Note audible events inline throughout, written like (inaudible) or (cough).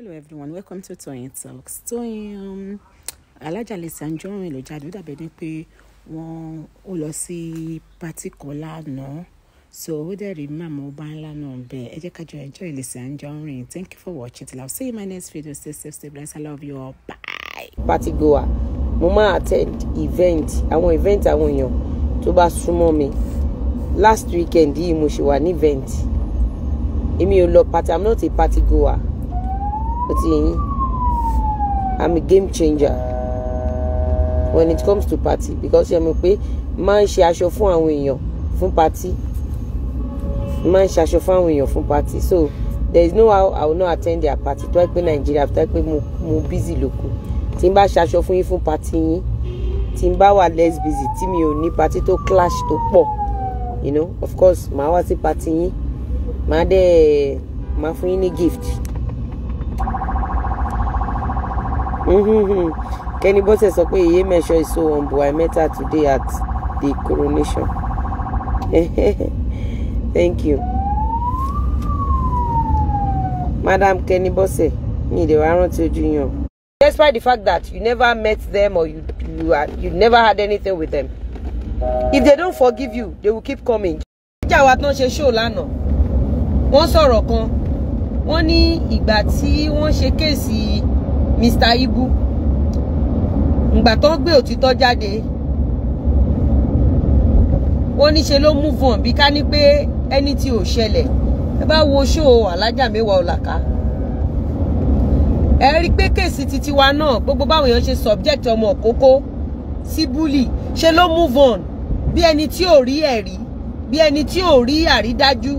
hello everyone welcome to Toyeen Talks Toyeen um, Alhaja Lizzy Anjorin ló jáde ó dàbẹ̀ ni pé wọ́n ó lọ sí pátì kan lánàá so ó dẹ̀ rí màmá ọba ńlá náà bẹ́ẹ̀ ẹ jẹ́ ká jọ enjoy Lizzy Anjorin thank you for watching till i see you in my next video stay safe stay blessed i love you all bye. party goer mo máa attend event àwọn event àwọn èèyàn tó bá súnmọ́ mi last weekend yìí mo ṣe wà ní event èmi ò lọ party i'm not a party goer ó ti i'm a game changer when it comes to party because ṣe mo pé máa ń ṣe aṣọ fún àwọn èèyàn fún party máa ń ṣe aṣọ fún àwọn èèyàn fún party so there is no how i will not attend their party tó ẹ Nigeria. nàìjíríà tó mo mo busy lóko tí n bá ṣe aṣọ fún yín fún party yín tí n bá wà less busy tí mi ò ní party to clash to pọ̀ you know of course màá wá sí party yín màá dẹ̀ màá fún yín ní gift (laughs) Kenny Bose sọ pé Yemesho is so humble I met her today at the coronation (laughs) thank you Madam Kenny Bose mi dey wá rántí ojú yín despite the fact that you never met them or you you, are, you never had anything with them if they don't forgive you they will keep coming. ìjà wa tán ṣe ṣóò lánàá wọ́n sọ̀rọ̀ kan wọ́n ní ìgbà tí wọ́n ṣe kéèsì. Mr. Ibu ìgbà tó ń gbé òtítọ́ jáde ó níṣe ló move on bí ká ní pé ẹni tí ò ṣẹlẹ̀ ẹ bá wo ṣóò alájà mẹ́wàá ọ̀làká ẹ rí pé kèsì titi wa náà gbogbo báwọn èèyàn ṣe subject ọmọ òkókó sí búlì ṣe ló move on bí ẹni tí ò rí ẹ̀rí bí ẹni tí ò rí àrídájú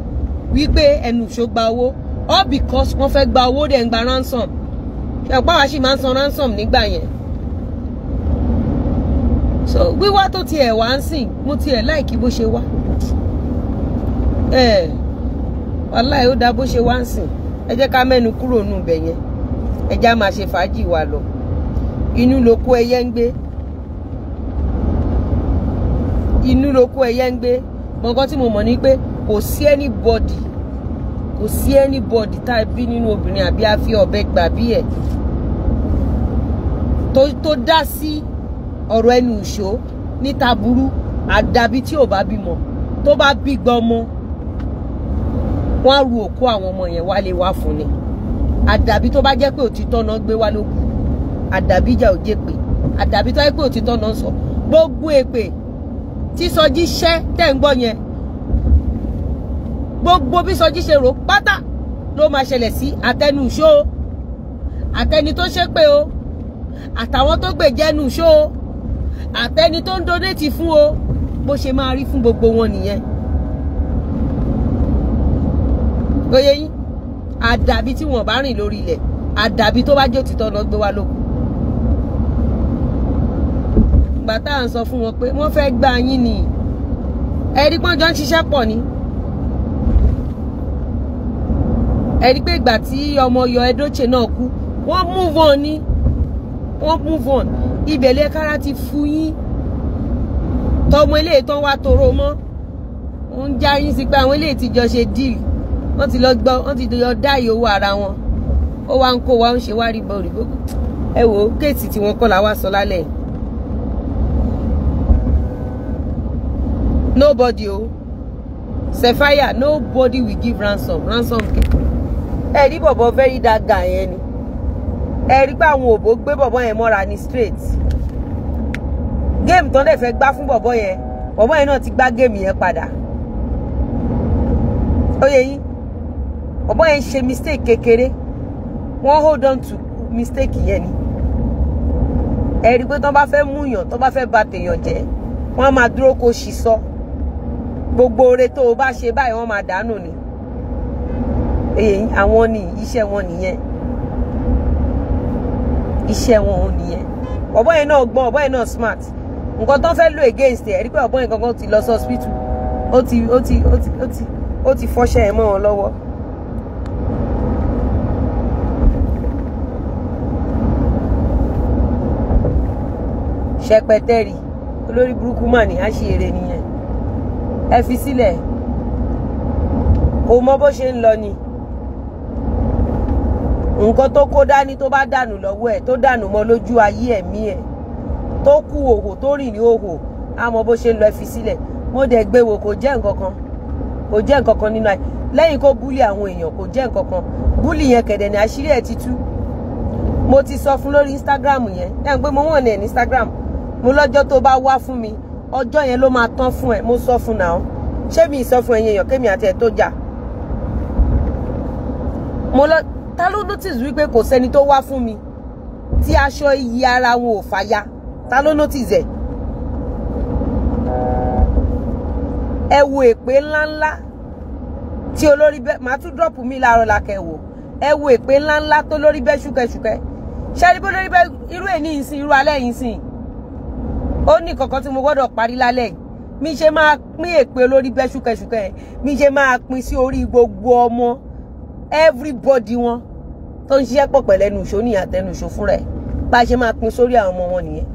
wípé ẹnu ìṣó gba owó all because wọ́n fẹ́ gba owó dẹ̀ ń gba ransom ẹ̀pá wa sì máa ń san ransom nígbà yẹn so wíwá tó tiẹ̀ wá ń sìn mo tiẹ̀ láìkí bó ṣe wá ẹ̀ wàláì ó dáa bó ṣe wá ń sìn ẹ jẹ́ ká mẹ́nu kúrò nù bẹ̀ yẹn ẹ já máa ṣe fàájì wa lọ inú ló kó ẹyẹ ń gbé inú ló kó ẹyẹ ń gbé mọ̀gán tí mo mọ̀ ni pé kò sí anybody kò sí anybody tá a bí nínú obìnrin àbí a fi ọ̀bẹ gbà bí ẹ̀ tó tó dá sí ọ̀rọ̀ ẹnu ìṣó níta burú àdàbí tí ò bá bímọ tó bá bí gbọmọ wọn ru òkú àwọn ọmọ yẹn wálé wá fún ni àdàbí tó bá jẹ́ pé òtítọ́ náà gbé wá lókù àdàbí ìjà ò jẹ́ pé àdàbí tó jẹ́ pé òtítọ́ náà sọ gbogbo èpè tí sọjí ṣẹ́ tẹ̀ ń gbọ́ yẹn gbogbo bí sọjí ṣe rò pátá ló máa ṣẹlẹ̀ sí àtẹnu ìṣó àtẹni tó ṣépè o àtàwọn tó gbèjẹ́nu ṣó o àtẹni tó ń donate fún o bó ṣe máa rí fún gbogbo wọn nìyẹn. oyè yín àdàbí tí wọn bá rìn lórí ilẹ̀ àdàbí tó bá jó títọ́ lọ gbé wa lóko. ìgbà tá à ń sọ fún wọn pé wọ́n fẹ́ gbà yín ni ẹ̀rí pọ́njọ́ ń ṣiṣẹ́ pọ̀ ni. ẹ̀rí pé ìgbà tí ọmọ yọ Edochie náà kú wọ́n move on ni wọ́n move on ibẹ̀ lẹ kára ti fu yín tọmọ eléyìí tán wá toro mọ́ ó ń já yín sí pé àwọn eléyìí ti jọ ṣe deal wọ́n ti lọ gbọ́ wọ́n ti lọ dá iye ara wọn ó wá ń wa ń ṣe wá rí bọ́ọ̀rì gbogbo ẹ wò ó kéèsì tí wọ́n la wá sọ lálẹ́ nobody o Sephaya nobody will give ransom ransom people ẹ rí bọ̀bọ̀ very dark guy yẹn ni ẹ̀rí pé àwọn òbó gbé bọ̀bọ̀ yẹn mọ́ra ní straight géèmù tán dẹ̀ fẹ́ gbá fún bọ̀bọ̀ yẹn bọ̀bọ̀ yẹn náà ti gbá géèmù yẹn padà ó yẹ yín bọ̀bọ̀ yẹn ṣe mistake kékeré wọ́n hold on to mistake yẹn ni ẹ̀rí pé tán bá fẹ́ mú yàn tán bá fẹ́ bà tèèyàn jẹ́ wọ́n á máa dúró kó ṣì sọ gbogbo oore tó o bá ṣe báyìí wọ́n máa dànù ni èyí àwọn ni iṣẹ́ wọn nìyẹn iṣẹ́ wọn ò nìyẹn ọ̀bọ̀n yẹn náà gbọ́n ọ̀bọ̀n yẹn náà smart nǹkan tó fẹ́ lò against ẹ̀ rí pé ọ̀bọ̀n yẹn gangan ti lọ sí hospital ó ti ó ti ó ti ó ti ó ti fọṣẹ́ ẹ̀ mọ́ wọn lọ́wọ́. ṣẹpẹtẹrì olórí burúkú mà ní àṣìírí nìyẹn ẹ fi sílẹ̀ kò mọ bó ṣe ń lọ ni nǹkan tó kó dání tó bá dànù lọ́wọ́ ẹ̀ tó dànù mọ́ lójú ayé ẹ̀mí ẹ̀ tó kú òhò tó rìn ní òhò àmọ́ bó ṣe lọ fi sílẹ̀ mo dẹ̀ gbé wò kò jẹ́ nǹkan kan kò jẹ́ nǹkan kan nínú ayé lẹ́yìn kó búlì àwọn èèyàn kò jẹ́ nǹkan búlì yẹn kẹ̀dẹ̀ ní àṣírí ẹ̀ ti tú mo ti sọ fún lórí Instagram yẹn ẹ̀ ń pé mo wọ̀n ní ẹ̀ ní Instagram mo lọ́jọ́ tó bá wá fún mi ọjọ́ yẹn ló máa tán fún ẹ mo sọ fún náà ṣé mi ì sọ fún ẹ̀yin èèyàn kémi àti ẹ̀ tó jà ta ló notice wípé kò sẹ́ni tó wá fún mi tí aṣọ iyì ara wọn ò fàya ta ló notice ẹ̀ ẹ wo èpè ńláńlá tí olórí bẹ́ẹ̀ máa tún dọ́ọ̀pù mi láàárọ̀ làkẹ́ wò ẹ wo èpè ńláńlá tó lórí bẹ́ẹ̀ ṣúkẹ́ṣúkẹ́ ṣẹ́ni bó lórí bẹ́ẹ̀ irú èní yìí sìn irú alẹ́ yìí sìn ó ní kankan tí mo gbọ́dọ̀ parí lálẹ́ mi ṣe máa pín èpè olórí bẹ́ẹ̀ ṣúkẹ́ṣúkẹ́ mi ṣe máa pín sí orí gbogbo ọmọ everybody wọn tó ń ṣiṣẹ́ pọ̀ pẹ̀lú ẹnu ìṣó ní àtẹnu ìṣó fúnra ẹ̀ bá a ṣe máa pin sórí àwọn ọmọ wọn nìyẹn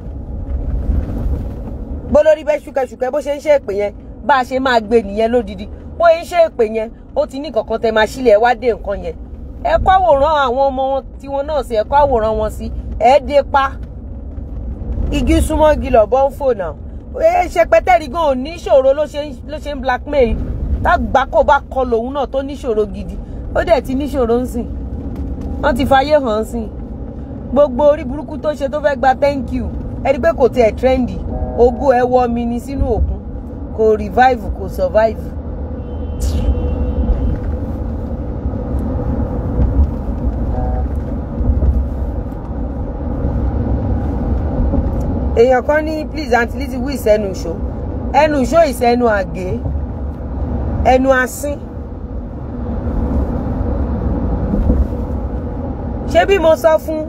bó lórí bẹ́ẹ̀ ṣúkẹ́ṣúkẹ́ bó ṣe ń ṣe èpè yẹn bá a ṣe máa gbé nìyẹn lódidi bó ṣe ń ṣe èpè yẹn ó ti ní kankan tẹ máa sílẹ̀ wá dé nǹkan yẹn ẹ kọ́ àwòrán àwọn ọmọ wọn tí wọn náà sí ẹ kọ́ àwòrán wọn sí ẹ dé pa igi súnmọ́ igi lọ́bọ̀ ń fò náà ẹ ṣe pẹ́tẹ́rì gan ò ní ìṣòro ló ṣe ń blackmail tágbà kò bá kọ lòun náà tó níṣòro gidi ó dẹ̀ ti níṣòro ń sìn wọ́n ti fàyè hàn sí i gbogbo orí burúkú tó ṣe tó fẹ́ gba thank you ẹni pé kò tiẹ̀ trendy ògo ẹ̀ wọ mi ni sínú òkun kò revive kò survive. èèyàn kan ní please aunty Lizzy wí ìsẹ́nu ìṣó ẹnu ìṣó ìsẹ́nu àgé ẹnu asín. ṣé bí mo sọ fún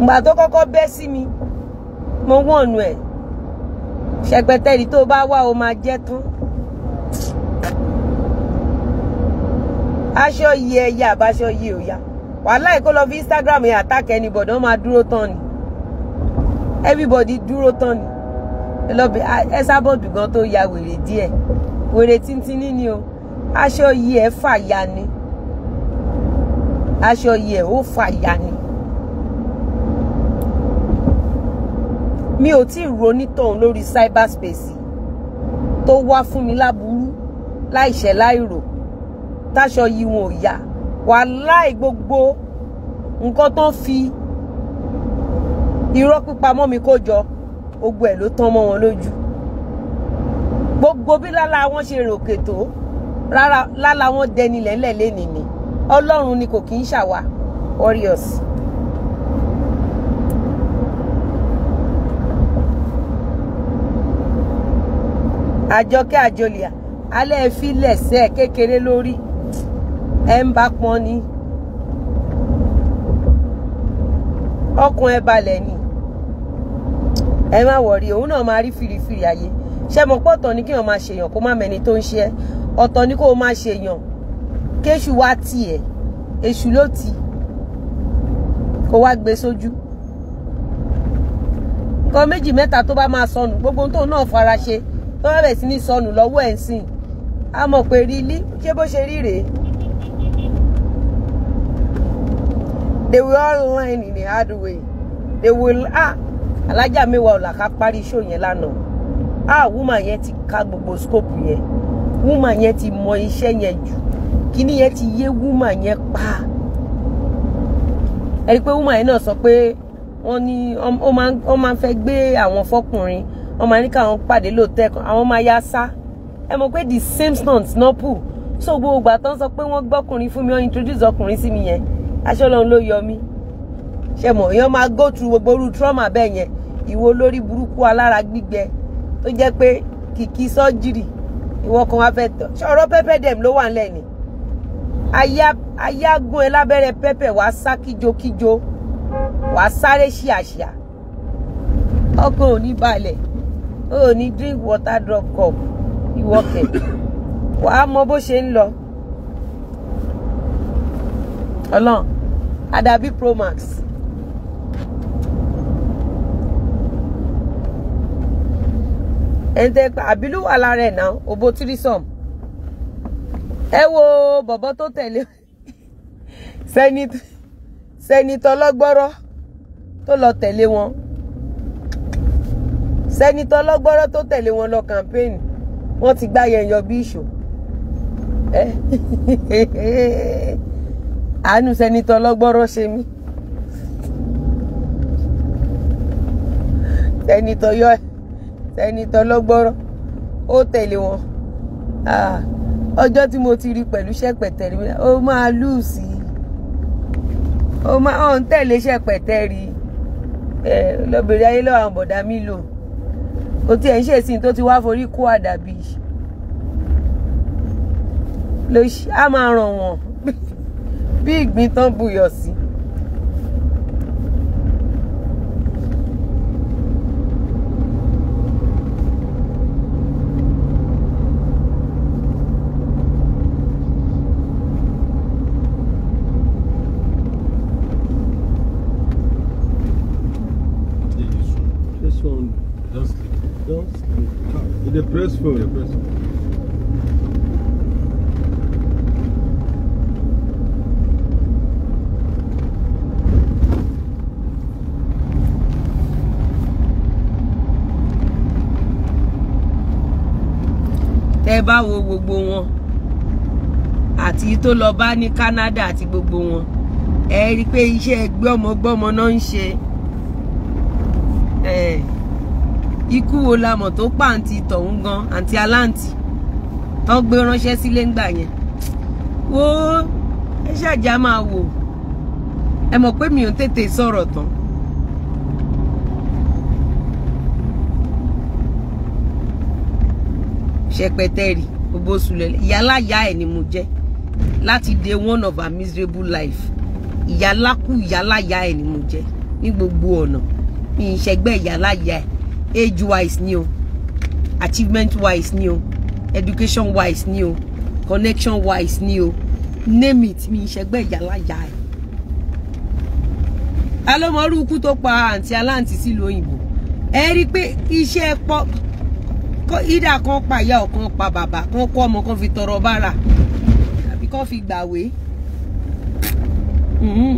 ìgbà tó kọ́kọ́ bẹ́ sí mi mo wọ̀nù ẹ̀ ṣẹpẹtẹ́rì tó bá wà ó máa jẹ́ tán aṣọ yìí ẹ àbáṣọ yìí ò yá wàhálà ẹ kó lọ fi Instagram yẹn attack anybody wọn máa dúró tán ni everybody dúró tán ni ẹ lọ bẹ ẹ sábọ̀dù gan tó ya wèrè díẹ̀ wèrè tíntínní ni o aṣọ yìí ẹ fàya ni aṣọ yẹ ó fàyà ni. mi ò tí ì ronítọ̀hún lórí cyberspace tó wá fún mi láburú láìṣẹ̀ láìrò táṣọ yìí wọn ò yá wà láì gbogbo nǹkan tó fi irọ́ pípa mọ́ mi kó jọ gbogbo ẹ̀ ló tán mọ́ wọn lójú gbogbo bí lálá wọn ṣe ròkè tó rárá lálá wọn dẹni lẹ́lẹ̀ lénìí ni ọlọ́run ni kò kì í ṣàwa warriors. àjọkẹ́ àjọlìyà alẹ́ fi lẹ̀sẹ̀ kékeré lórí ẹ̀ ń bá pọn ni ọkàn ẹ balẹ̀ ni ẹ má wọ̀rí òun náà máa rí fìrìfìrì ayé ṣé mo pọ̀ tán ni kí wọ́n máa ṣèyàn kó má mẹ́ni tó ń ṣe ẹ́ ọ̀tọ̀ ni kó o máa ṣèyàn kéṣù wá tiẹ̀ èṣù ló ti kó wá gbé sójú nǹkan méjì mẹ́ta tó bá máa sọnù gbogbo tóun náà fara ṣe tó bá bẹ̀ sí ní sọnù lọ́wọ́ ẹ̀ ń sìn á mọ̀ pé rí ilé ṣé bó ṣe rí rèé. they will all learn in a hard way they will ah alájà mẹ́wàá ọ̀la ká parí iṣó yẹn lánàá ah woman yẹn ti ka gbogbo scope yẹn woman yẹn ti mọ iṣẹ́ yẹn jù kíní yẹn ti yé woman yẹn pa ẹ rí i pé woman yẹn náà sọ pé wọ́n ní ó máa ń fẹ́ gbé àwọn fọkùnrin wọ́n máa ní káwọn pàdé lóòótẹ́ kan àwọn máa yá sá ẹ mọ̀ pé the same stunt náà pù so gbogbo ìgbà tó ń sọ pé wọ́n gbọ́kùnrin fún mi wọ́n introduce ọkùnrin sí mi yẹn aṣọ Ọlọ́run ló yọ mí ṣe mọ̀ èèyàn máa go through gbogbo irú trauma bẹ́ẹ̀ yẹn ìwo olórí burúkú alára gbígbẹ tó jẹ́ pé kìkì sọ́jírì ìwọ kan wá fẹ́ tọ̀ ṣọ̀rọ̀ pẹ́pẹ́ dẹ̀m ló wà ńlẹ̀ ni ayágún ẹ lábẹ́rẹ́ pẹ́pẹ́ wàá sá kíjokíjo wàá sáré ṣíàṣíà ọkàn ò ní balẹ̀ o ò ní drink water drop cup ìwọ́kẹ̀ wàá mọ bó ṣe ń lọ ọlọ́run àdàbí promax. ẹ̀ńtẹ́ àbílù wà lára ẹ̀ náà òbó tírísọ̀mù ẹ wo bọ̀bọ̀ tó tẹ̀lé (laughs) sẹ́nitọ́ lọ́gbọ́rọ́ tó lọ tẹ̀lé wọn sẹ́nitọ́ lọ́gbọ́rọ́ tó tẹ̀lé wọn lọ kàmpéènì wọ́n ti gbá yẹn yọ bí ìṣó (laughs) àánú sẹ́nitọ́ lọ́gbọ́rọ́ ṣe mí sẹ́nitọ́ yọ sẹ́nitọ́ lọ́gbọ́rọ́ ó tẹ̀lé wọn. Ah ọjọ́ tí mo ti rí pẹ̀lú ṣẹ̀pẹ̀tẹ̀ rí ó máa lù sí ó máa ọ̀n tẹ̀lé ṣẹ̀pẹ̀tẹ̀ rí ẹ lọ́bẹ̀rẹ̀ ayé lọ́wọ́ àwọn bọ̀dá mi lò kò tiẹ̀ ń ṣèsìn tó ti wá forí kó àdàbí ló ṣe máa ràn wọ́n (laughs) bí ìgbín tán buyọ̀ sí. tẹ́ bá wo gbogbo wọn àti tó lọ bá ní Canada àti gbogbo wọn ẹ rí i pé iṣẹ́ gbọ́mọgbọ́mọ náà ń ṣe ikú wo la mọ̀ tó pàǹtí tọ̀hún gan àǹtí aláǹtí tó gbé ránṣẹ́ sílé ńgbà yẹn wo ẹ ṣàjà máa wò ẹ mọ̀ pé mi ò tètè sọ̀rọ̀ tán ṣẹpẹtẹrì gbogbo sùlẹ̀lẹ̀ ìyáláyà ẹ̀ ni mo jẹ́ láti day one of our miserable life ìyálákù ìyáláyà ẹ̀ ni mo jẹ́ ní gbogbo ọ̀nà mi ń ṣẹgbẹ́ ìyáláyà age wise ni o achievement wise ni o education wise ni o connection wise ni o name it mi ń ṣẹgbẹ́ ìyáláyà ẹ̀ alọ́mọrú ikú tó pa àǹtí aláǹtí sílùú òyìnbó ẹ rí i pé iṣẹ́ pọ́ ìdá kan pa ìyá ọ̀kan pa bàbá kan kọ́ ọmọ kan fi tọrọ bára àbí kan fi gbàwé mm-hmm.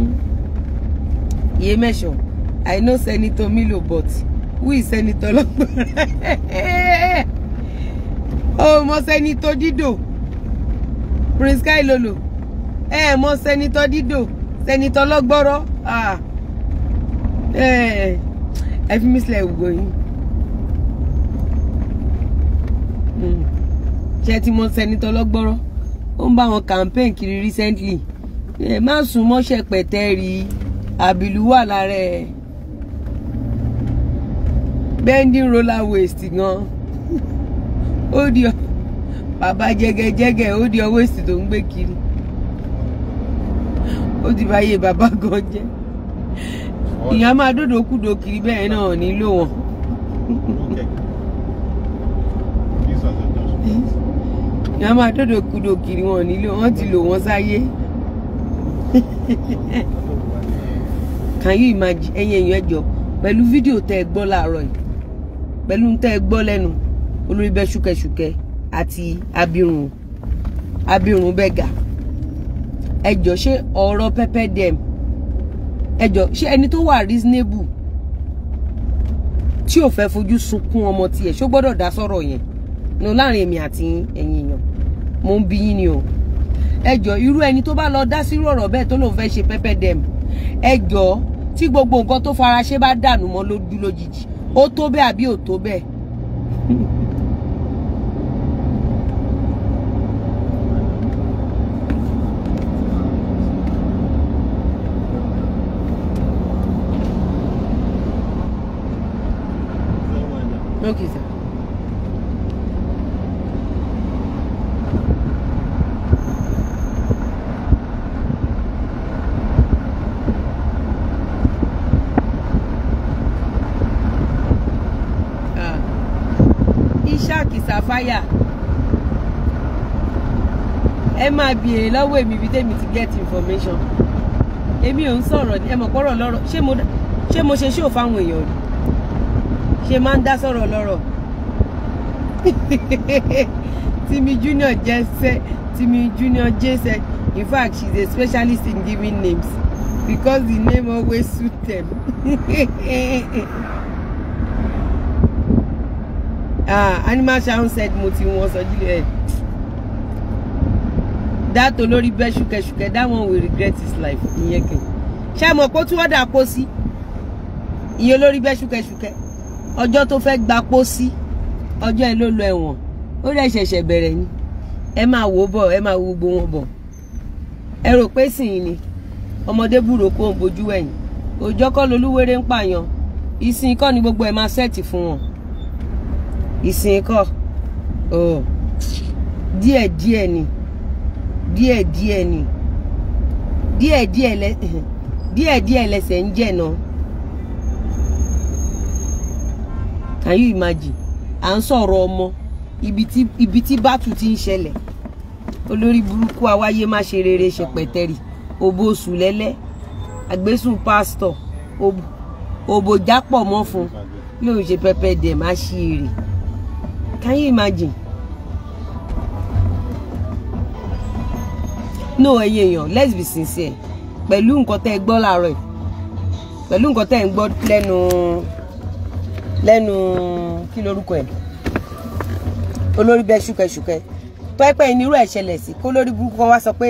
iye mẹ́sàn I know Senator Milo but who is Senator lọ́gbọ̀n (laughs) o oh, Senator Dido Prince Kailolo ẹ mọ Senator Dido Senator lọ́gbọ́rọ́ ẹ ah. eh. ẹ fi mí sílẹ̀ wò yín. ṣe ti mọ sẹ́nitọ́ lọ́gbọ́rọ́ ó ń bá wọn campaign kiri recently ẹ má sùn mọ́ṣẹ́ pẹ̀tẹ́ rí àbìlú wà lára ẹ̀ bending roller waist gan ó di ọ bàbá jẹgẹjẹgẹ ó di ọ waist tó ń gbé kiri ó ti báyé bàbá gan jẹ ìyá máa dòdò kúdò kiri bẹ́ẹ̀ náà nílò wọn. yàrá máa dọ́dọ̀ kudo kiri wọn nílé wọn ti lò wọn sáyé (laughs) can you imagine ẹ̀yin èèyàn ẹ̀jọ̀ pẹ̀lú fídíò tẹ́ ẹ gbọ́ láàárọ̀ yìí pẹ̀lú tẹ́ ẹ gbọ́ lẹ́nu olórí bẹ́ ṣúkẹ́ṣúkẹ́ àti abirùn abirùn bẹ́gà ẹ̀jọ̀ ṣé ọ̀rọ̀ pẹ́pẹ́ dẹ̀m ẹ̀jọ̀ ṣé ẹni tó wà reasonable tí ò fẹ́ fojú sunkún ọmọ tiẹ̀ ṣó gbọ́dọ̀ dá sọ̀rọ̀ yẹn no láàrin èmi àti ẹ̀yin mo ń bí yín ni o ẹ jọ irú ẹni tó bá lọ dá sírú ọ̀rọ̀ bẹ́ẹ̀ tó lòun fẹ́ ṣe pẹ́pẹ́ dẹ̀m ẹ jọ tí gbogbo nǹkan tó fara ṣe bá dànù mọ́ lójú lójijì ó tó bẹ́ẹ̀ àbí ò tó bẹ́ẹ̀. Okay, wáyà ẹ máa bèèrè lọ́wọ́ èmi ibi tẹ́mi ti get information èmi ò ń sọ̀rọ̀ ẹ mọ̀ pọ́rọ̀ lọ́rọ̀ ṣé mo ṣé mo ṣe ṣóò fáwọn èèyàn rí ṣe máa ń dá sọ̀rọ̀ lọ́rọ̀ (laughs) Timi Junior jẹ́sẹ̀ Timi Junior jẹ́sẹ̀ in fact she is a specialist in giving names because the name always suit them. (laughs) ah animal sharon said "Moti ti wọn sọ jílẹ that olórí bẹ ṣùkẹṣùkẹ that one will regret his life ìyẹn kẹ ṣe mọ pé tí wọn dà pọ sí ìyẹn olórí bẹ ṣùkẹṣùkẹ ọjọ́ tó fẹ́ gba pọ sí ọjọ́ ẹ ló lọ ẹ̀wọ̀n ó rẹ ṣẹ̀ṣẹ̀ bẹ̀rẹ̀ ni ẹ máa wò bọ̀ ẹ máa wo gbogbo wọn bọ̀ ẹ rò pé sìn ni ọmọdé burúkú òǹbojú ẹ̀yìn Ojo kọ́ lolúwere ń pààyàn ìsìn kọ́ ni gbogbo ẹ̀ máa sẹ́ẹ̀tì fún wọn ìsìn kọ́ díẹ̀díẹ̀ ni díẹ̀díẹ̀ ni díẹ̀díẹ̀ lẹ́sẹ̀ ń jẹ̀ náà can you imagine à ń sọ̀rọ̀ ọmọ ibi tí bátù ti ń ṣẹlẹ̀ olórí burúkú awáyé má ṣe rere ṣẹpẹtẹrì òbò sùlẹ́lẹ́ àgbésùn pásítọ̀ òbò jápọ̀ mọ́ fún lóun ṣe pẹpẹ dẹ̀ má ṣe èrè. Can you imagine? No, ẹ̀yin èèyàn, let's be sincere. Pẹ̀lú nǹkan tẹ́ ẹ gbọ́ láàárọ̀ yìí. Pẹ̀lú nǹkan tẹ́ ẹ ń gbọ́ lẹ́nu lẹ́nu kí lorúkọ ẹ̀? Olórí bẹ́ẹ̀ ṣúkẹ́ṣúkẹ́. Pẹ́pẹ́ inú irú ẹ̀ ṣẹlẹ̀ sí kó lórí burúkú kan wá sọ pé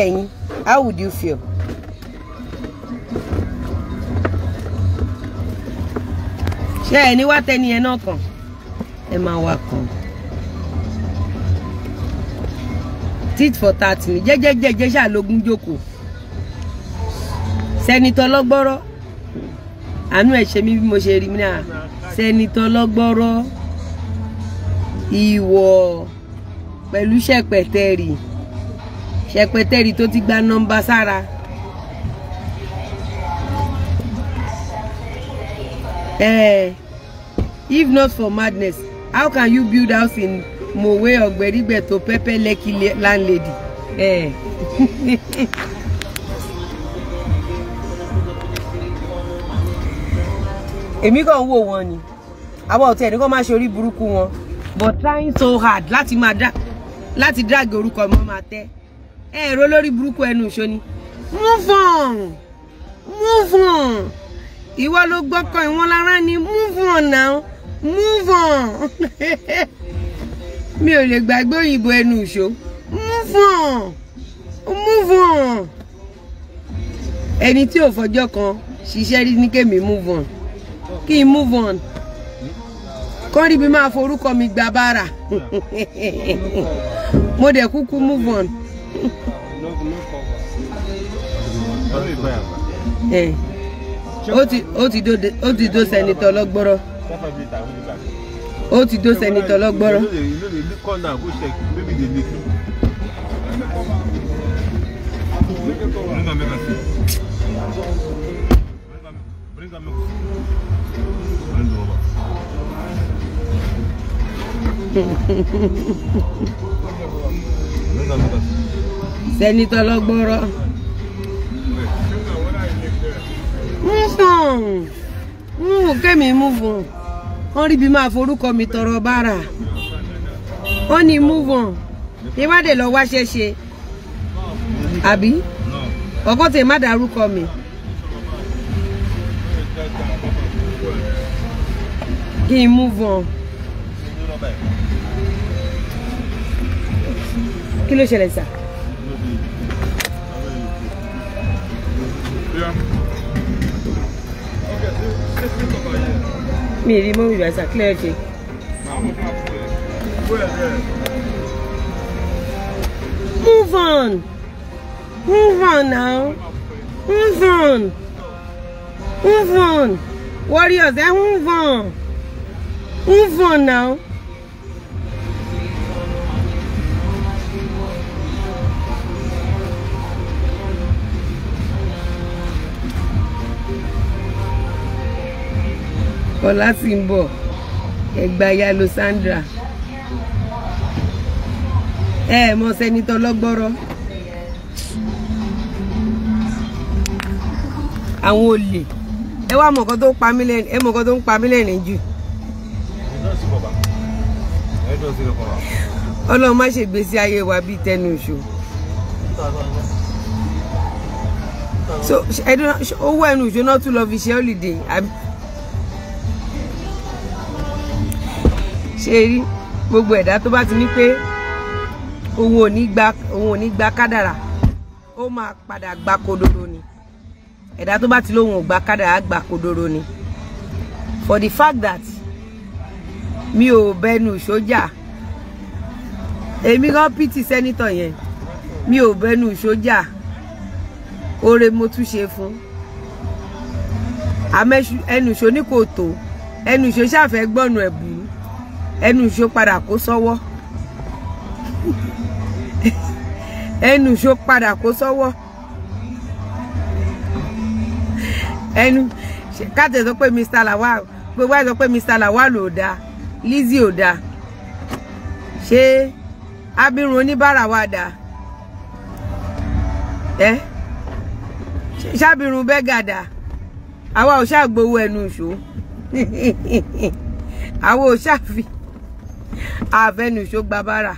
òun How would you feel? ṣé ẹ ní teni tẹ́ni ẹ náà ẹ máa wà tit for thirty. ni jẹ́jẹ́jẹ́jẹ́ ṣàlógún jókòó sẹ́nitọ́ lọ́gbọ́rọ́ àánú ẹ̀ ṣe mí bí mo ṣe rí mi náà sẹ́nitọ́ lọ́gbọ́rọ́ ìwọ pẹ̀lú ṣẹ̀pẹ̀tẹ̀rì ṣẹ̀pẹ̀tẹ̀rì tó ti gba nọ́mbà sára. Eh, if not for madness how can you build house in Mowe ọ̀gbẹ̀rígbẹ̀ to pepper Lekki landlady. Eh. (laughs) èmi kàn ń wò wọn ni àwọn ọ̀tẹ̀ ẹ̀nìkan máa ṣe orí burúkú wọn but trying so hard láti máa dá láti dráàgì orúkọ mi máa tẹ ẹ ẹ̀rọ lórí burúkú ẹnu ìṣó ni move on move on ìwọ ló gbọ́kọ̀ ìwọ́n lára ni move on now move on mi ò lè gbàgbé òyìnbó ẹnu ìṣó move on move on ẹni tí ò fọjọ́ kan ṣiṣẹ́ rí ní kémi move on kí n move on kán rí mi máa forúkọ mi gba bára (laughs) mo dẹ̀ kúkú move on. ó ti dó sẹ́nitọ́ lọ́gbọ́rọ́ ó ti dó sẹ́nitọ̀ lọ́gbọ́rọ́. sẹ́nitọ̀ lọ́gbọ́rọ́. Wilson kémi move on wọ́n rí bí máa forúkọ mi tọrọ bára wọ́n ní move on ìwádìí lọ wá ṣẹṣe àbí ọkọ tẹ má dárúkọ mi. kí n move on. kí ló ṣẹlẹ̀ sá. mi rí mọ́mí bá sà clear ṣe. move on move on now move on move on warriors ẹ move on move on now. Ọlátìńbọ̀ Ẹ̀gbáyà Losandra ẹ ẹ mọ sẹ́nitọ́ lọ́gbọ́rọ́ àwọn olè ẹ wá mọ̀kọ́ tó ń pa mí lẹ́rìn ẹ mọ̀kọ́ tó ń pa mí lẹ́rìn jù. Ọlọ́run má ṣe gbèsè ayé wa bíi tẹnu ìṣó. so owó ẹnu ìṣó náà tún lọ fi ṣe holiday àbí. ṣe rí gbogbo ẹ̀dá tó bá ti ní pé òun ò ní gba kádàrà ó máa padà gba kodoro ni ẹ̀dá tó bá ti lóun ò gba kádàrà gba kodoro ni for the fact that mi ò bẹnu sójà èmi gan pt sẹ́nitọ̀ yẹn mi ò bẹnu sójà oore mo tún ṣe fún ẹnu ìṣó ní kò tó ẹnu ìṣó ṣàfẹ́ gbọ́nu ẹ̀bùn ẹnu ìṣó padà kó sọ́wọ́ ẹnu ìṣó padà kó sọ́wọ́ ẹnu káàtẹ̀ sọ pé Mr. Lawal pé wáyé sọ pé Mr. Lawal ò dáa Lizzy ò dáa ṣé abirùn oníbàárà wa dáa ẹ ṣábìrún bẹ́gà dáa àwa ò ṣàgbowó ẹnu ìṣó (laughs) àwọn ò ṣàfi àfẹnu ìṣógbà bára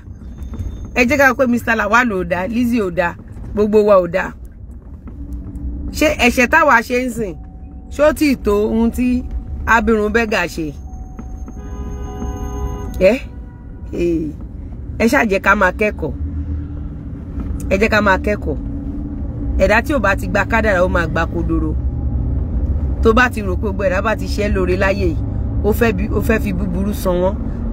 ẹ jẹ́ ká pé Mr. Lawal ò dáa Lizzy ò dáa gbogbo wa ò dáa ṣé ẹ̀ṣẹ̀ táwa ṣe ń sìn ṣó tí tó ohun tí abirùn bẹ́gà ṣe ẹ eh, ẹ ṣàjẹ́ ká máa kẹ́kọ̀ọ́ ẹ jẹ́ ká máa kẹ́kọ̀ọ́ ẹ̀dá tí ò bá ti gba kádàrà ó máa gba kodoro tó bá ti rò pé gbogbo ẹ̀dá bá ti ṣe é lóore láyé yìí ó fẹ́ fi búburú san wọ́n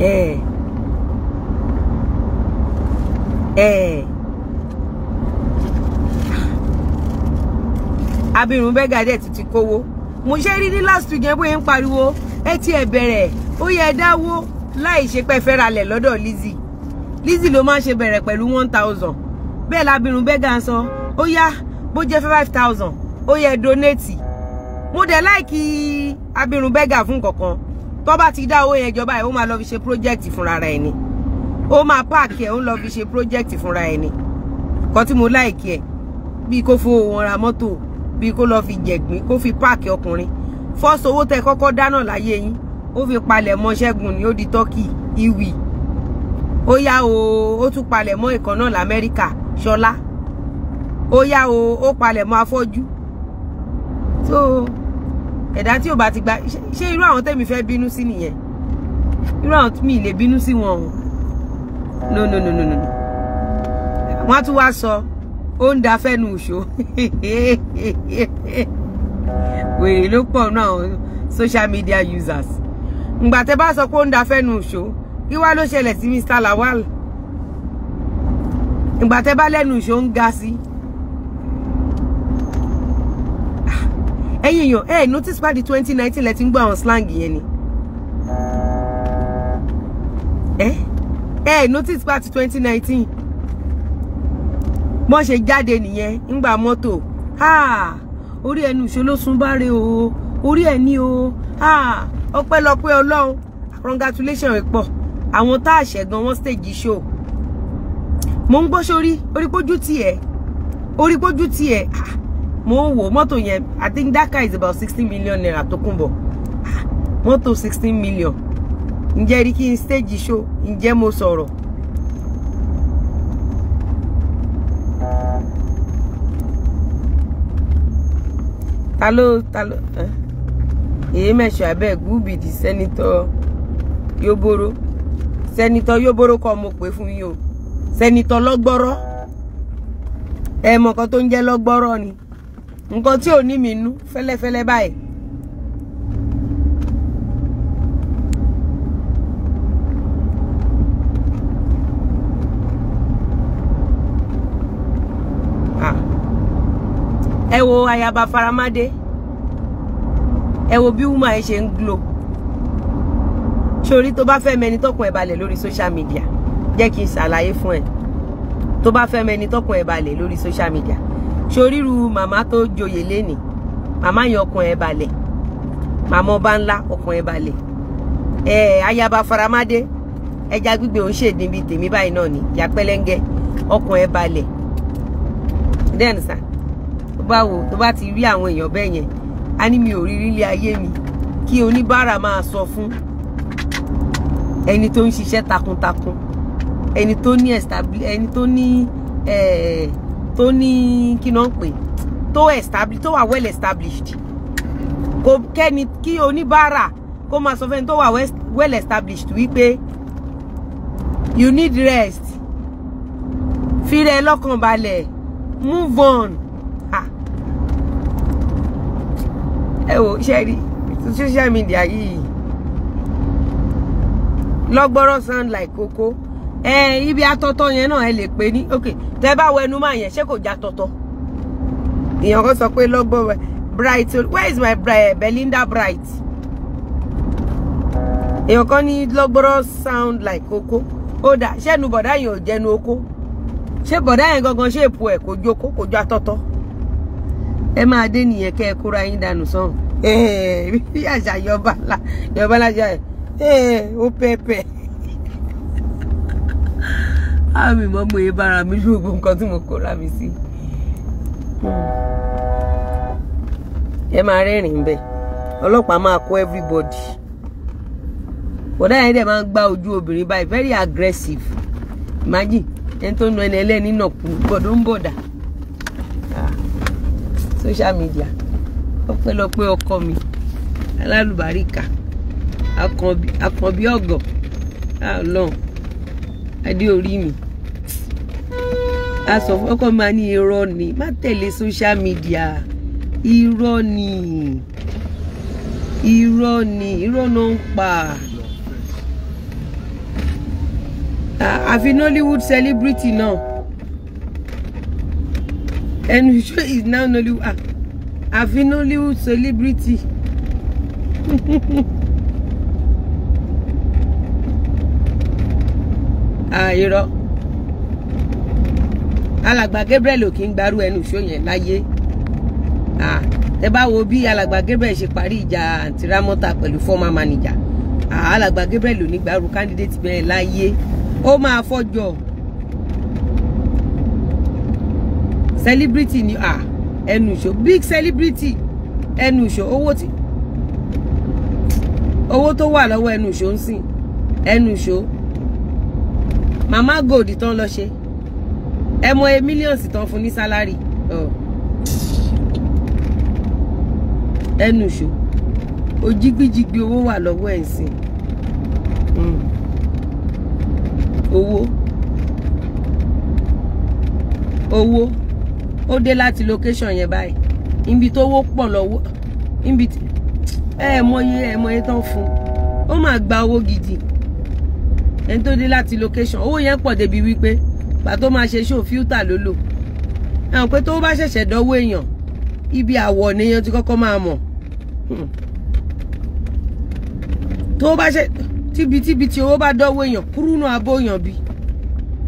ẹ eh. ẹ eh. eh. abirùn bẹ́gà dẹ̀ tún ti mo ṣe rí ní last week yẹn bóyá ń pariwo ẹ ti ẹ bẹ̀rẹ̀ ó yẹ ẹ dáwó láì ṣe pé fẹ́ ralẹ̀ lọ́dọ̀ Lizzy Lizzy ló máa ń ṣe bẹ̀rẹ̀ pẹ̀lú one thousand bẹ́ẹ̀ labirùn bẹ́gà ń san ó yá bó jẹ́ five thousand ó yẹ donate mo dẹ̀ láìkí abirùn bẹ́gà fún kankan tó bá ti dá owó yẹn jọba ẹ̀ ó máa lọ fi ṣe project fúnra ẹ̀ ni ó máa páàkì ẹ̀ ó ń lọ fi ṣe project fúnra ẹ̀ ni kan tí mo láìkí ẹ̀ bíi kó fowó wọn ra mọ́tò bíi kó lọ fi jẹ̀gbín kó fi páàkì ọkùnrin fọ́ọ̀sì owó tẹ kọ́kọ́ dáná láyé yín ó fi palẹ̀ mọ́ ṣẹ́gun ni ó di tọ́kì ìwì ó yá o ó tún palẹ̀ mọ́ ìkan náà lamẹ́ríkà ṣọlá ó yá o ó palẹ̀ mọ́ afọ́jú tó. So, ẹ̀dá tí ò bá ti gba ṣé irú àwọn tẹ́mi fẹ́ bínú sí nìyẹn irú àwọn mi lè bínú sí wọn o no no no no no wọ́n á tún wá sọ ó ń da fẹ́nu ìṣó (laughs) wèrè ló pọ̀ náà social media users ǹgbà tẹ́ bá sọ pé ó ń da fẹ́nu ìṣó kí wá ló ṣẹlẹ̀ sí Mr. Lawal ǹgbà tẹ́ bá lẹ́nu ìṣó ń ga sí i. ẹ̀yin èèyàn ẹ̀ notice pa di twenty nineteen lẹ ti ń gbọ́ àwọn slang yẹn ni ẹ̀ eh. eh? ẹ̀ notice pa ti twenty nineteen bọ́n ṣe jáde nìyẹn ńgbà mọ́tò orí ẹnu ìṣolóṣun bá re o orí ẹ̀ ní o ọpẹ́lọpẹ́ ọlọ́run congratulation rẹ̀ pọ̀ àwọn tá a ṣẹ̀gan wọ́n stage show mo ń gbọ́ sórí orí pójú tiẹ̀ orí pójú tiẹ̀ ah mo wò mọ́tò i think that car is about 16 million naira tó kún bọ̀ million ǹjẹ́ rí n stage show nje mo soro talo talo èyí abe abeg who be senator yoboro senator yoboro kọ́ mo pè fún o senator lọ́gbọ́rọ́ ẹ mọ̀ kan ni. nǹkan tí ò ní mi nú fẹ́lẹ́fẹ́lẹ́ báyìí. Ah. ẹ wo ayaba faramade ẹ wo bí woman ẹ ṣe ń glo sórí tó bá fẹ́ mẹni tọkùn ẹ̀ balẹ̀ lórí social media jẹ́ kí n ṣàlàyé fún ẹ tó bá fẹ́ mẹni tọkùn ẹ̀ balẹ̀ lórí social media soríru màmá tó joyè lénìí màmá yẹn ọkàn ẹ balẹ̀ màmá ọba ńlá ọkàn ẹ balẹ̀ ẹ ayaba faramade ẹja gbígbé òun ṣèdí bíi tèmi báyìí náà ni ìyá pẹlẹngẹ ọkàn ẹ balẹ̀ then sa tó bá wò tó bá ti rí àwọn èèyàn bẹ́ẹ̀ yẹn a ní mi ò rí rílé ayé mi kí oníbàárà máa sọ fún ẹni tó ń ṣiṣẹ́ takuntakun ẹni tó ní ẹni tó ní ẹ̀ẹ́ tó ní kí náà pè tó established tó wà well established kò kẹ́ni kí oníbàárà kó máa sọ fẹ́ni tó wà well established wípé you need rest fira ẹ lọ́kàn balẹ̀ move on ẹ wò ṣe rí social media yìí lọ́gbọ́rọ́ sound like kókó. Okay? ẹ ibi atọ́tọ́ yẹn náà ẹ lè pè ní ok tẹ bá wẹnu máa yẹn ṣé kò já tọ́tọ́ èèyàn kan sọ pé lọ́gbọ́n bright where is my bright eh, Belinda bright èèyàn kan ní lọ́gbọ́rọ́ sound like koko ó dà ṣẹ́nu bọ̀dá yẹn ò jẹnu oko ṣé bọ̀dá yẹn gangan ṣe èpo ẹ̀ kò jókó kò já tọ́tọ́ ẹ máa dé nìyẹn kẹ́ ẹ kóra yín dànù sọ́hùn bí (laughs) àṣà yọba ńlá yọba ńlá ṣe ẹ eh, ó àmì m mo yé bára mi ṣògo nǹkan tí mo kó lámi sí. Hmm. ẹ máa rẹ́rìn-ín bẹ́ẹ̀ ọlọ́pàá máa kó everybody gba oju very aggressive imagine ah, social media ọkọ mi alálùbáríkà adé orí mi aṣọ ọkọ máa ní irọ́ ni má tẹ̀lé social media irọ́ ni irọ́ ni irọ́ náà ń pa àfi Nollywood celebrity náà ẹnu iṣẹ́ is now Nollywood ah, àfi Nollywood celebrity. (laughs) àìrọ ah, alàgbà Gabriel ò kí ń gbarú ẹnu ṣó yẹn láyé ah, ẹ bá wo bí alàgbà Gabriel ṣe parí ìjà àǹtí Rámọ́tà pẹ̀lú fọ́mà manager ah, alàgbà Gabriel ò ní gbarú candidate bẹ́ẹ̀ láyé ó máa fọ́jọ́ celebrity ni ẹnu ṣó big celebrity ẹnu ìṣó owó tí owó tó wà lọ́wọ́ ẹnu ìṣó ń sìn ẹnu ìṣó Mama gold tán lọ ṣe ẹ mọ e millions tán fún ní sálárì oh. ẹnu ṣo ojígbíjigbí owó wà lọ́wọ́ ẹ̀ ń sìn hmm. owó owó ó dé láti location yẹn báyìí ibi tó wó pọ̀ lọ́wọ́ ibi tí ẹ mọ iye ẹ mọ iye tán fún ó máa gba owó gidi ẹni tó ní láti location owó yẹn pọ̀ débi wípé gbà tó máa ṣe show filter ló lò ẹ̀hàn pé tó bá ṣẹ̀ṣẹ̀ dánwó èèyàn ibi àwọ̀ nìyẹn ti kọ́kọ́ máa mọ̀ hmm. tó bá ṣe tíbitíbi tí owó bá dánwó èèyàn kúrúnú abó èèyàn bí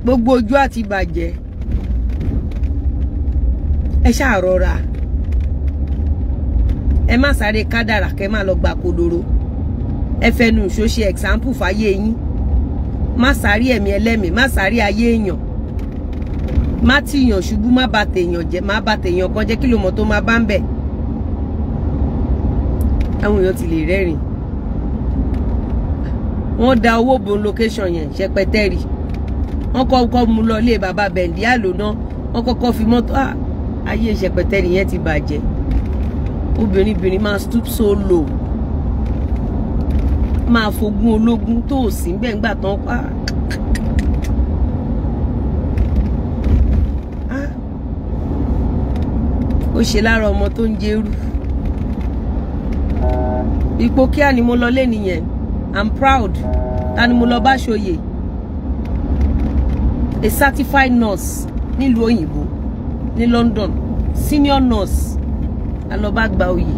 gbogbo ojú àti bàjẹ́ ẹ ṣáà rọra ẹ má sáré kádàrà kẹ má lọ gbà kodoro ẹ fẹnu ìṣó ṣe example fáyé yín má sáré ẹ̀mí ẹlẹ́mìí má sáré ayé èèyàn má tìyàn ṣubú má bà tèèyàn jẹ́ má bà tèèyàn kan jẹ́ kí ló mọ̀ tó má bá ń bẹ̀ àwọn èèyàn ti lè rẹ́rìn wọ́n da owó bo location yẹn ṣẹpẹtẹ́rì wọ́n kọ́kọ́ mú lọ ilé bàbá bẹ̀ǹdí àlòná wọ́n kọ́kọ́ fi mọ́tò ah, ayé ṣẹpẹtẹ́rì yẹn ti bàjẹ́ obìnrin bìnrin máa stoop so low máa fogún ológun tó ò sí bẹ́ẹ̀ ńgbà tán pa. Ah. Ah. ó ṣe lára ọmọ tó ń jẹrú ipò kíá ni mo lọ lé nìyẹn i'm proud ta ni mo lọ bá ṣòye a certified nurse nílùú òyìnbó ní London senior nurse alọba gba oyè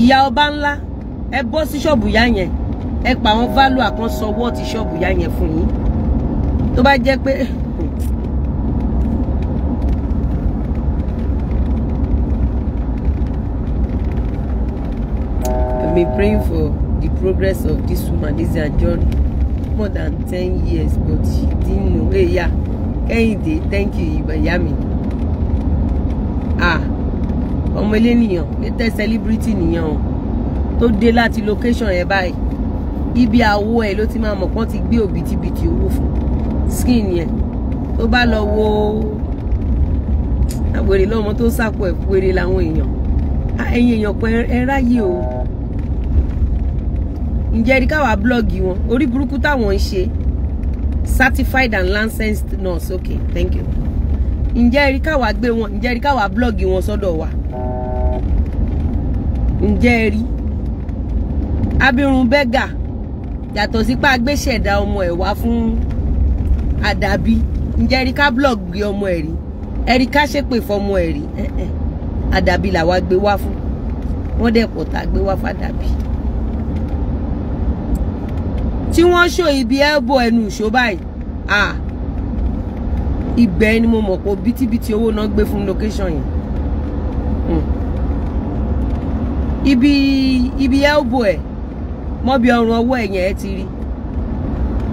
ìyá ọba ńlá ẹ bọ́ sí ṣọ́ọ̀bù ìyá yẹn ẹ pa àwọn válù àkànṣọwọ́ ti ṣọ́ọ̀bù ìyá yẹn fún yín tó bá jẹ́ pé eh, hmm. I've been praying for the progress of this woman this is her journey more than ten years but she didn't know hey, yeah. Kẹ́hìndé thank you ìyá mi ah ọmọ ilé nìyàn latest celebrity nìyàn o tó dé láti location yẹn báyìí ibi àwo ẹ̀ ló ti máa mọ̀ pọ́n ti gbé òbítíbitì owó fún skin yẹn tó bá lọ wo àwèrè lọ́mọ tó sàpò ẹ̀ wèrè làwọn èèyàn ẹ̀yin èèyàn pé ẹ ráyè o ǹjẹ́ ẹ̀rí káwa búlọ́ọ̀gì wọn orí burúkú táwọn ń ṣe certified and licensed nurse okay thank you ǹjẹ́ ẹ̀rí káwa gbé wọn ǹjẹ́ ẹ̀rí káwa búlọ́ọ̀gì wọn sọ́dọ̀ wa ǹjẹ́ ẹ̀rí abirùn bẹ́gà yàtọ̀ sí pa agbéṣẹ̀dá ọmọ ẹ̀ wá fún àdàbí ǹjẹ́ erika blog gbé ọmọ ẹ̀ rí erika ṣépè fọmọ ẹ̀ rí àdàbí làwa gbé wá fún wọ́n dẹ̀ pọ̀ tá a gbé wá fún àdàbí. tí wọ́n ṣó ibi elbow ẹnu ìṣó báyìí ibẹ̀ ni mo mọ̀ pé bítíbitì owó náà gbé fún location yẹn. Hmm. ibi ibi elbow ẹ̀ mọ́bi ọrùn ọwọ́ ẹ̀yìn ẹ̀ ti rí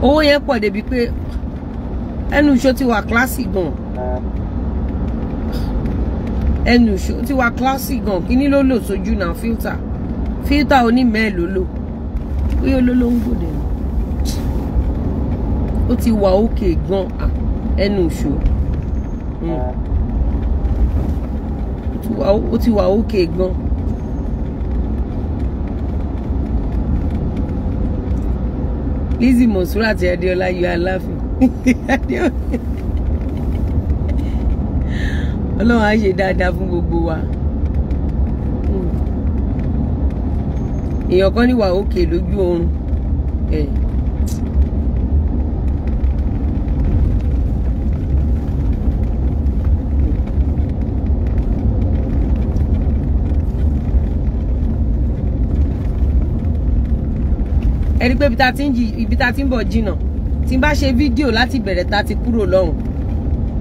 owó yẹn pọ̀ débi pé ẹnu ìṣó ti wà kíláàsì gan ẹnu ìṣó ti wà kíláàsì gan kíní ló lò sójú náà fíltà fíltà onímẹ́ẹ̀ló lò bóyá olóló ń gbòdè ni ó ti wà òkè gan ẹnu ìṣó hmm. ó ti wà òkè gan. Lizzie Monsurat Adeola, you are laughing. (laughs) Ọlọ́run á ṣe dáadáa fún gbogbo wa. Hmm. Èèyàn kan ní wà òkè lójú oorun. ẹ rí pé ibi tá ti ń bọ̀ jìnnà tí n bá ṣe fídíò láti bẹ̀rẹ̀ tá ti kúrò lọ́hùn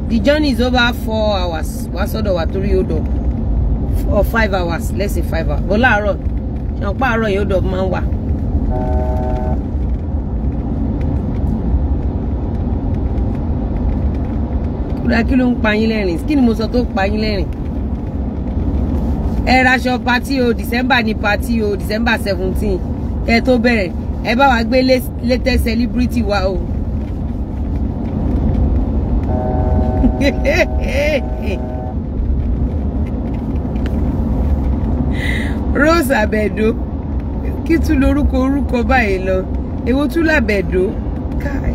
the journey is over four hours wá sọ́dọ̀ wa torí odò or five hours let's say five hours bó láàárọ̀ ṣàn pààrọ̀ yìí odò máa ń wà. kúrẹ́ kí ló ń pa yín lẹ́rìn kí ni mo sọ tó pa yín lẹ́rìn ẹ raṣọ pati o December ni pati o December seventeen kẹ́ ẹ tó bẹ̀rẹ̀ ẹ bá wa gbé latest celebrity wa o. (laughs) Rose Abedo kí tún lorúkọ orúkọ báyìí lọ èwo tún làbẹ̀dó káì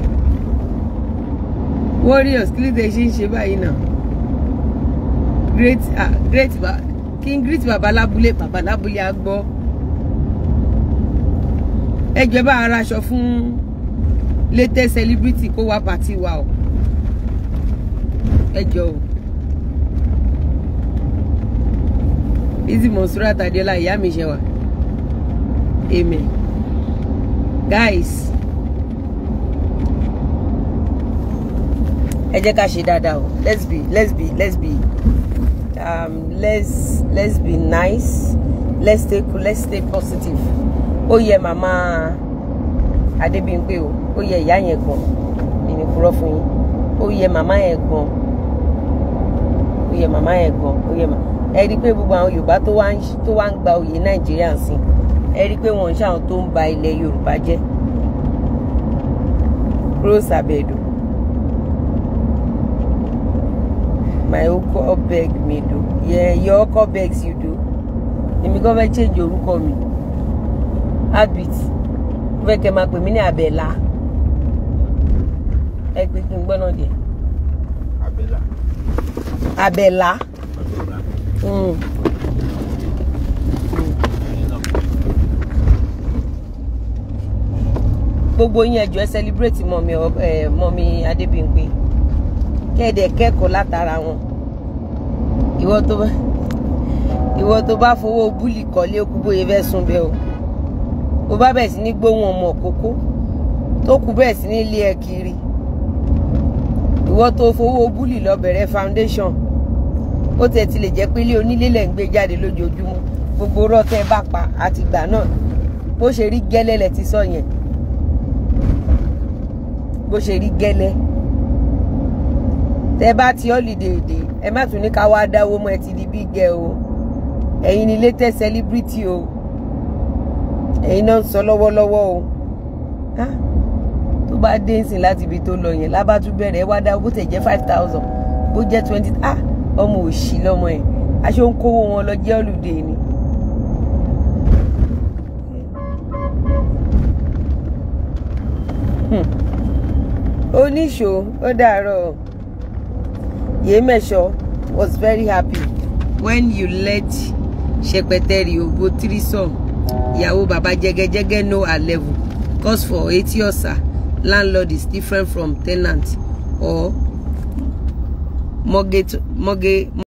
warriors kí ló dé ṣe ń ṣe báyìí náà great ah great king great babalábúlé babalábúlé agbọ́ ẹjọ́ bá ara aṣọ fún latest celebrity kó wá pàtí wa o ẹjọ́ o Lizzy Monsurat Adéọlá ìyá mi ṣe wà amen guys ẹ jẹ́ ká ṣe dáadáa o let's be let's be let's be um, let's let's be nice let's stay let's stay positive. ó mama Adébímpé o ó ìyá yẹn gan èmi purọ́ fún yín ó yẹ yẹn gan yẹn gan gbogbo àwọn Yorùbá tó wá ń gba oyè Nàìjíríà sí ẹ rí pé wọn ń tó ń ba ilẹ̀ Yorùbá jẹ́ Rose Abedo my uncle beg me do yeah your uncle begs you do èmi gan fẹ́ change orúkọ mi. heartbeat mo fẹ́ kẹ́ máa pè mí ní abẹ́là ẹ pé kí n gbọ́ náà díẹ̀. abẹ́là. abẹ́là. Hmm. gbogbo yín ẹjọ ẹ celebrate mọmi ẹ mọmi Adébímpé kẹdẹ kẹ́kọ̀ọ́ látara wọn ìwọ tó bá ìwọ tó bá fowó búlì kọ́lé okú bóyá fẹ́ sùn o ó bá bẹ̀rẹ̀ sí ní gbóhùn ọmọ òkókó tó kù bẹ̀rẹ̀ sí ní ilé ẹ kiri ìwọ tó fowó búlì lọ foundation ó tẹ̀ ti lè jẹ́ pé ilé onílé lẹ̀ ń gbé jáde lójoojúmọ́ gbogbo rọ́tẹ́ bá pa àtìgbà náà bó ṣe rí gẹ́lẹ́ lẹ ti sọ yẹn bó ṣe rí gẹ́lẹ́ tẹ bá ti holiday ẹ má tún ní ká wá dáwó mọ́ ẹ ti di big girl o ẹ̀yin ni latest celebrity o ẹ̀yin náà ń sọ lọ́wọ́lọ́wọ́ o tó bá dé nsìn láti ibi tó lọ yẹn lábàtú bẹ̀rẹ̀ ẹ wá dá bó tẹ̀ jẹ́ five thousand bó jẹ́ twenty ah ọmọ òṣì lọ́mọ ẹ̀ aṣọ ń kówó wọn lọ jẹ́ olùdè ni. oníṣó hmm. ó dàárọ̀ yèémẹ̀ṣọ was very happy when you let ṣẹpẹtẹrì ògbó tírísọ̀mù ìyàwó bàbá jẹgẹjẹgẹ no her level cause for etiosa landlord is different from tenant or mortgage mortgage.